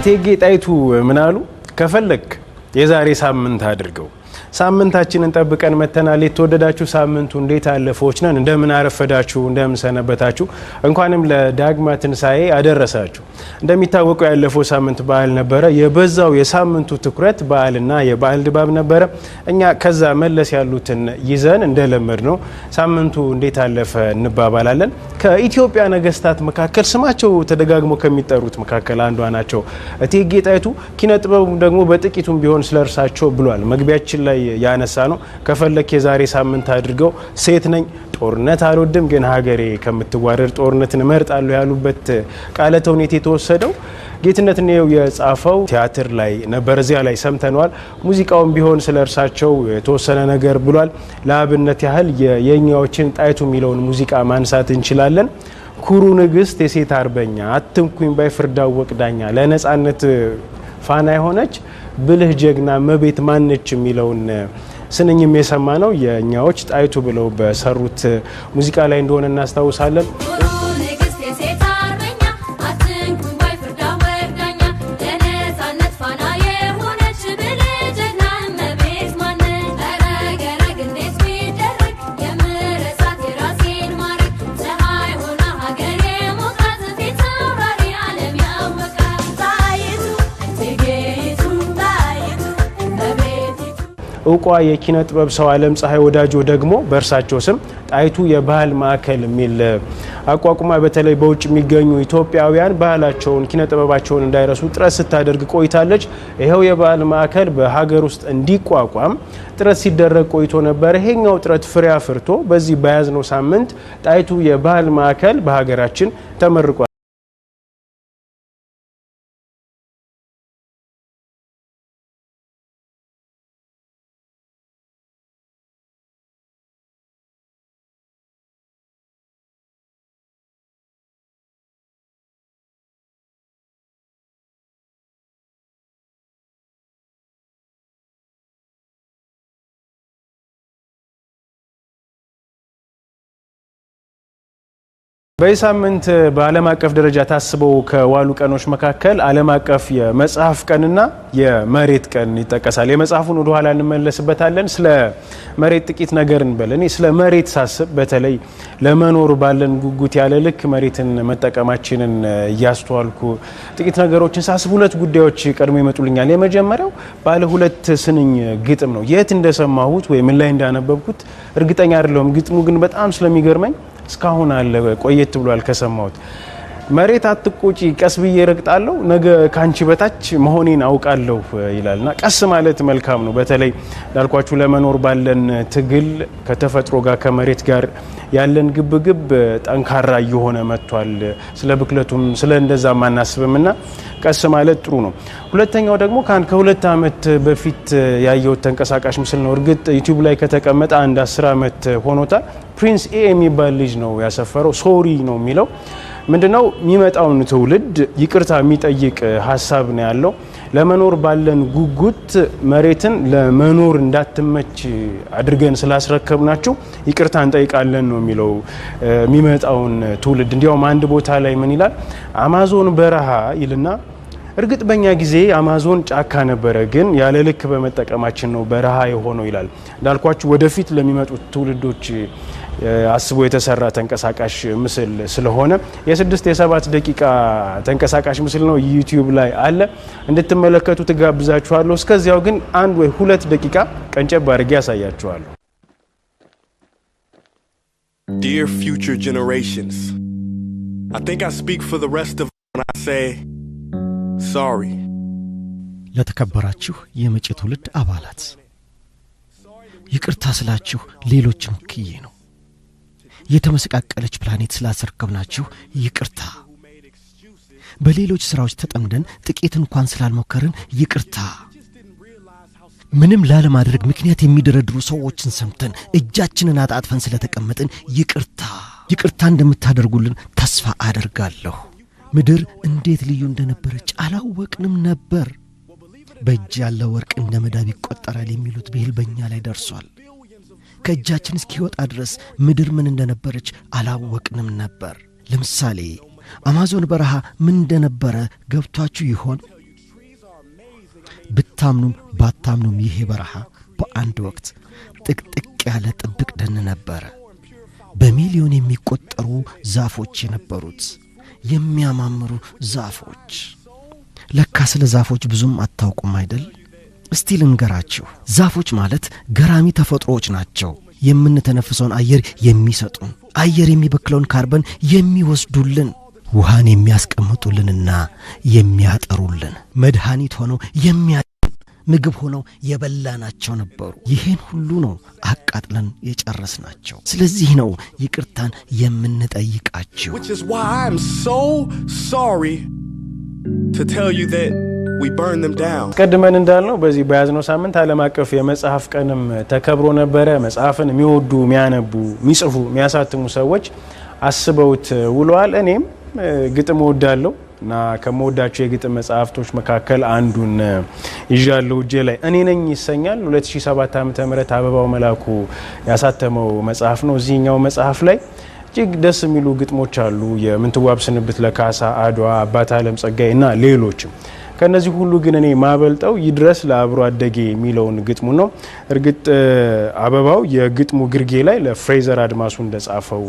እቴጌ ጣይቱ ምናሉ ከፈለክ የዛሬ ሳምንት አድርገው ሳምንታችንን ጠብቀን መተናል። የተወደዳችሁ ሳምንቱ እንዴት አለፈዎች ነን? እንደምን አረፈዳችሁ? እንደምን ሰነበታችሁ? እንኳንም ለዳግማ ትንሣኤ አደረሳችሁ። እንደሚታወቀው ያለፈው ሳምንት በዓል ነበረ። የበዛው የሳምንቱ ትኩረት በዓልና የበዓል ድባብ ነበረ። እኛ ከዛ መለስ ያሉትን ይዘን እንደለመድ ነው ሳምንቱ እንዴት አለፈ እንባባላለን። ከኢትዮጵያ ነገስታት መካከል ስማቸው ተደጋግሞ ከሚጠሩት መካከል አንዷ ናቸው እቴጌ ጣይቱ። ኪነ ጥበቡ ደግሞ በጥቂቱም ቢሆን ስለ እርሳቸው ብሏል መግቢያችን ላይ ያነሳ ነው። ከፈለክ የዛሬ ሳምንት አድርገው ሴት ነኝ ጦርነት አልወድም፣ ግን ሀገሬ ከምትዋረድ ጦርነትን እመርጣለሁ ያሉበት ቃለ ተውኔት የተወሰደው ጌትነት ነው የጻፈው ቲያትር ላይ ነበር። እዚያ ላይ ሰምተነዋል። ሙዚቃውም ቢሆን ስለ እርሳቸው የተወሰነ ነገር ብሏል። ለአብነት ያህል የኛዎችን ጣይቱ የሚለውን ሙዚቃ ማንሳት እንችላለን። ኩሩ ንግስት፣ የሴት አርበኛ፣ አትንኩኝ ባይ ፍርዳ ወቅዳኛ ለነጻነት ፋና የሆነች ብልህ ጀግና መቤት ማነች የሚለውን ስንኝም የሰማ ነው የእኛዎች ጣይቱ ብለው በሰሩት ሙዚቃ ላይ እንደሆነ እናስታውሳለን። እውቋ የኪነ ጥበብ ሰው አለም ፀሐይ ወዳጆ ደግሞ በእርሳቸው ስም ጣይቱ የባህል ማዕከል የሚል አቋቁማ በተለይ በውጭ የሚገኙ ኢትዮጵያውያን ባህላቸውን ኪነ ጥበባቸውን እንዳይረሱ ጥረት ስታደርግ ቆይታለች። ይኸው የባህል ማዕከል በሀገር ውስጥ እንዲቋቋም ጥረት ሲደረግ ቆይቶ ነበር። ይሄኛው ጥረት ፍሬ አፍርቶ በዚህ በያዝነው ሳምንት ጣይቱ የባህል ማዕከል በሀገራችን ተመርቋል። በዚህ ሳምንት በዓለም አቀፍ ደረጃ ታስበው ከዋሉ ቀኖች መካከል ዓለም አቀፍ የመጽሐፍ ቀንና የመሬት ቀን ይጠቀሳል። የመጽሐፉን ወደኋላ እንመለስበታለን። ስለ መሬት ጥቂት ነገር እንበል። እኔ ስለ መሬት ሳስብ በተለይ ለመኖር ባለን ጉጉት ያለ ልክ መሬትን መጠቀማችንን እያስተዋልኩ ጥቂት ነገሮችን ሳስብ ሁለት ጉዳዮች ቀድሞ ይመጡልኛል። የመጀመሪያው ባለ ሁለት ስንኝ ግጥም ነው። የት እንደሰማሁት ወይም ላይ እንዳነበብኩት እርግጠኛ አይደለሁም። ግጥሙ ግን በጣም ስለሚገርመኝ እስካሁን አለ ቆየት ብሏል ከሰማሁት። መሬት አትቆጪ፣ ቀስ ብዬ ረግጣለሁ፣ ነገ ካንቺ በታች መሆኔን አውቃለሁ ይላልና ቀስ ማለት መልካም ነው። በተለይ ላልኳችሁ ለመኖር ባለን ትግል ከተፈጥሮ ጋር ከመሬት ጋር ያለን ግብግብ ጠንካራ እየሆነ መጥቷል። ስለ ብክለቱም ስለ እንደዛ ማናስብም ቀስ ማለት ጥሩ ነው። ሁለተኛው ደግሞ ከአንድ ከሁለት ዓመት በፊት ያየሁት ተንቀሳቃሽ ምስል ነው። እርግጥ ዩቲዩብ ላይ ከተቀመጠ አንድ አስር ዓመት ሆኖታል። ፕሪንስ ኤ የሚባል ልጅ ነው ያሰፈረው። ሶሪ ነው የሚለው ምንድነው የሚመጣውን ትውልድ ይቅርታ የሚጠይቅ ሀሳብ ነው ያለው። ለመኖር ባለን ጉጉት መሬትን ለመኖር እንዳትመች አድርገን ስላስረከብ ናችሁ ይቅርታ እንጠይቃለን ነው የሚለው የሚመጣውን ትውልድ። እንዲያውም አንድ ቦታ ላይ ምን ይላል? አማዞን በረሃ ይልና እርግጥ በኛ ጊዜ አማዞን ጫካ ነበረ፣ ግን ያለ ልክ በመጠቀማችን ነው በረሃ የሆነው ይላል። እንዳልኳችሁ ወደፊት ለሚመጡት ትውልዶች አስቦ የተሰራ ተንቀሳቃሽ ምስል ስለሆነ የስድስት የሰባት ደቂቃ ተንቀሳቃሽ ምስል ነው። ዩቲዩብ ላይ አለ እንድትመለከቱ ትጋብዛችኋለሁ። እስከዚያው ግን አንድ ወይ ሁለት ደቂቃ ቀንጨብ አድርጌ ያሳያችኋለሁ። Dear future generations, I think I speak for the rest of when I say sorry. ለተከበራችሁ የመጪ ትውልድ አባላት ይቅርታ ስላችሁ ሌሎችም ክዬ ነው የተመሰቃቀለች ፕላኔት ስላስረከብናችሁ ይቅርታ። በሌሎች ስራዎች ተጠምደን ጥቂት እንኳን ስላልሞከርን ይቅርታ። ምንም ላለማድረግ ምክንያት የሚደረድሩ ሰዎችን ሰምተን እጃችንን አጣጥፈን ስለተቀመጥን ይቅርታ። ይቅርታ እንደምታደርጉልን ተስፋ አደርጋለሁ። ምድር እንዴት ልዩ እንደነበረች አላወቅንም ነበር። በእጅ ያለ ወርቅ እንደ መዳብ ይቆጠራል የሚሉት ብሂል በእኛ ላይ ደርሷል። ከእጃችን እስኪወጣ ድረስ ምድር ምን እንደነበረች አላወቅንም ነበር። ለምሳሌ አማዞን በረሃ ምን እንደነበረ ገብቷችሁ ይሆን? ብታምኑም ባታምኑም ይሄ በረሃ በአንድ ወቅት ጥቅጥቅ ያለ ጥብቅ ደን ነበረ፣ በሚሊዮን የሚቆጠሩ ዛፎች የነበሩት የሚያማምሩ ዛፎች። ለካ ስለ ዛፎች ብዙም አታውቁም አይደል? እስቲ ልንገራችሁ፣ ዛፎች ማለት ገራሚ ተፈጥሮዎች ናቸው። የምንተነፍሰውን አየር የሚሰጡን፣ አየር የሚበክለውን ካርበን የሚወስዱልን፣ ውሃን የሚያስቀምጡልንና የሚያጠሩልን፣ መድኃኒት ሆነው የሚያ ምግብ ሆነው የበላ ናቸው ነበሩ። ይህን ሁሉ ነው አቃጥለን የጨረስ ናቸው ስለዚህ ነው ይቅርታን የምንጠይቃቸው። ቀድመን እንዳልነው በዚህ በያዝነው ሳምንት ዓለም አቀፍ የመጽሐፍ ቀንም ተከብሮ ነበረ። መጽሐፍን የሚወዱ የሚያነቡ፣ የሚጽፉ፣ የሚያሳትሙ ሰዎች አስበውት ውለዋል። እኔም ግጥም እወዳለሁ እና ከምወዳቸው የግጥም መጽሐፍቶች መካከል አንዱን ይዣለሁ እጄ ላይ እኔ ነኝ ይሰኛል። 2007 ም አበባው መላኩ ያሳተመው መጽሐፍ ነው። እዚህኛው መጽሐፍ ላይ እጅግ ደስ የሚሉ ግጥሞች አሉ። የምንትዋብ ስንብት ለካሳ፣ አድዋ፣ አባት አለም ጸጋይ እና ሌሎችም ከነዚህ ሁሉ ግን እኔ ማበልጠው ይድረስ ለአብሮ አደጌ የሚለውን ግጥሙ ነው። እርግጥ አበባው የግጥሙ ግርጌ ላይ ለፍሬዘር አድማሱ እንደጻፈው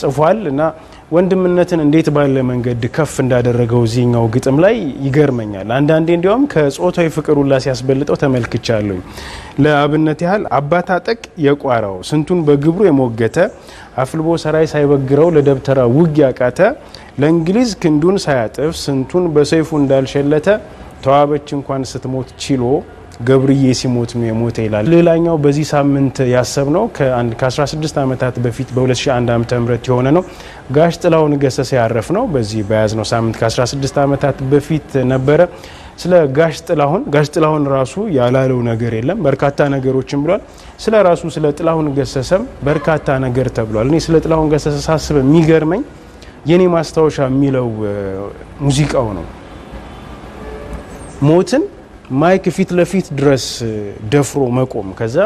ጽፏል እና ወንድምነትን እንዴት ባለ መንገድ ከፍ እንዳደረገው እዚህኛው ግጥም ላይ ይገርመኛል። አንዳንዴ እንዲያውም ከጾታዊ ፍቅር ሁላ ሲያስበልጠው ተመልክቻለሁ። ለአብነት ያህል አባታ ጠቅ የቋራው ስንቱን በግብሩ የሞገተ አፍልቦ ሰራይ ሳይበግረው ለደብተራ ውግ ያቃተ ለእንግሊዝ ክንዱን ሳያጥፍ ስንቱን በሰይፉ እንዳልሸለተ ተዋበች እንኳን ስትሞት ችሎ ገብርዬ ሲሞት ነው የሞተ ይላል። ሌላኛው በዚህ ሳምንት ያሰብ ነው ከ16 ዓመታት በፊት በ2001 ዓ ም የሆነ ነው። ጋሽ ጥላሁን ገሰሰ ያረፍ ነው በዚህ ነው ሳምንት ከ16 ዓመታት በፊት ነበረ። ስለ ጋሽ ጥላሁን ጋሽ ጥላሁን ራሱ ያላለው ነገር የለም። በርካታ ነገሮችን ብሏል። ስለ ራሱ ስለ ጥላሁን ገሰሰም በርካታ ነገር ተብሏል። እኔ ስለ ጥላሁን ገሰሰ ሳስብ የሚገርመኝ የኔ ማስታወሻ የሚለው ሙዚቃው ነው። ሞትን ማይክ ፊት ለፊት ድረስ ደፍሮ መቆም ከዛ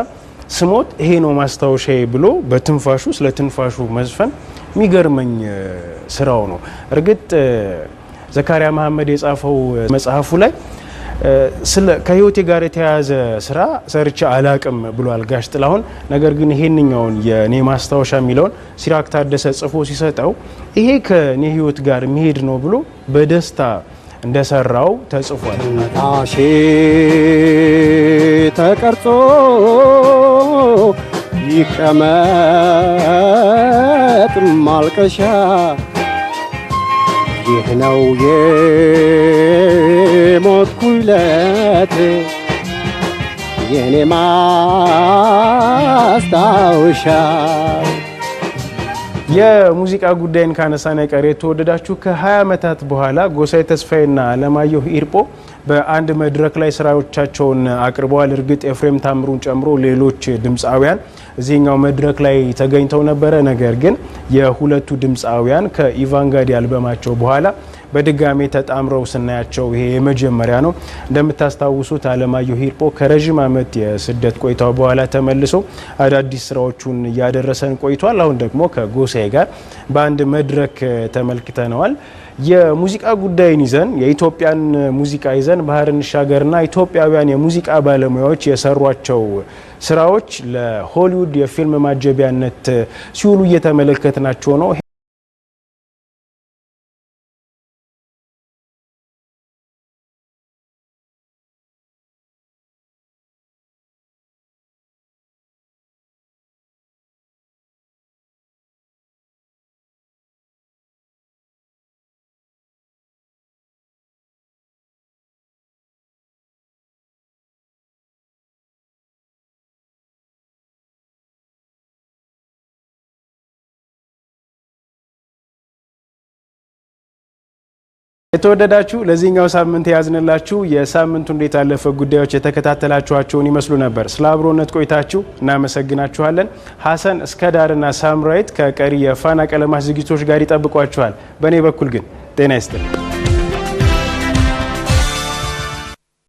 ስሞት ይሄ ነው ማስታወሻዬ ብሎ በትንፋሹ ስለ ትንፋሹ መዝፈን የሚገርመኝ ስራው ነው። እርግጥ ዘካሪያ መሐመድ የጻፈው መጽሐፉ ላይ ከህይወቴ ጋር የተያያዘ ስራ ሰርቼ አላቅም ብሏል ጋሽ ጥላሁን። ነገር ግን ይሄንኛውን የኔ ማስታወሻ የሚለውን ሲራክ ታደሰ ጽፎ ሲሰጠው ይሄ ከኔ ህይወት ጋር የሚሄድ ነው ብሎ በደስታ እንደሰራው ተጽፏል። ታሼ ተቀርጾ ይቀመጥ ማልቀሻ ینه او یموت قیلات یعنی የሙዚቃ ጉዳይን ካነሳን አይቀር የተወደዳችሁ ከ20 ዓመታት በኋላ ጎሳይ ተስፋዬና አለማየሁ ኢርጶ በአንድ መድረክ ላይ ስራዎቻቸውን አቅርበዋል። እርግጥ ኤፍሬም ታምሩን ጨምሮ ሌሎች ድምፃውያን እዚህኛው መድረክ ላይ ተገኝተው ነበረ። ነገር ግን የሁለቱ ድምፃውያን ከኢቫንጋዲ አልበማቸው በኋላ በድጋሜ ተጣምረው ስናያቸው ይሄ የመጀመሪያ ነው። እንደምታስታውሱት አለማየሁ ሂርጶ ከረዥም ዓመት የስደት ቆይታው በኋላ ተመልሶ አዳዲስ ስራዎቹን እያደረሰን ቆይቷል። አሁን ደግሞ ከጎሳዬ ጋር በአንድ መድረክ ተመልክተነዋል። የሙዚቃ ጉዳይን ይዘን የኢትዮጵያን ሙዚቃ ይዘን ባህር እንሻገርና ኢትዮጵያውያን የሙዚቃ ባለሙያዎች የሰሯቸው ስራዎች ለሆሊውድ የፊልም ማጀቢያነት ሲውሉ እየተመለከትናቸው ነው። የተወደዳችሁ ለዚህኛው ሳምንት የያዝንላችሁ የሳምንቱ እንዴት አለፈ ጉዳዮች የተከታተላችኋቸውን ይመስሉ ነበር። ስለ አብሮነት ቆይታችሁ እናመሰግናችኋለን። ሀሰን እስከ ዳርና ሳምራይት ከቀሪ የፋና ቀለማት ዝግጅቶች ጋር ይጠብቋችኋል። በእኔ በኩል ግን ጤና ይስጥልኝ።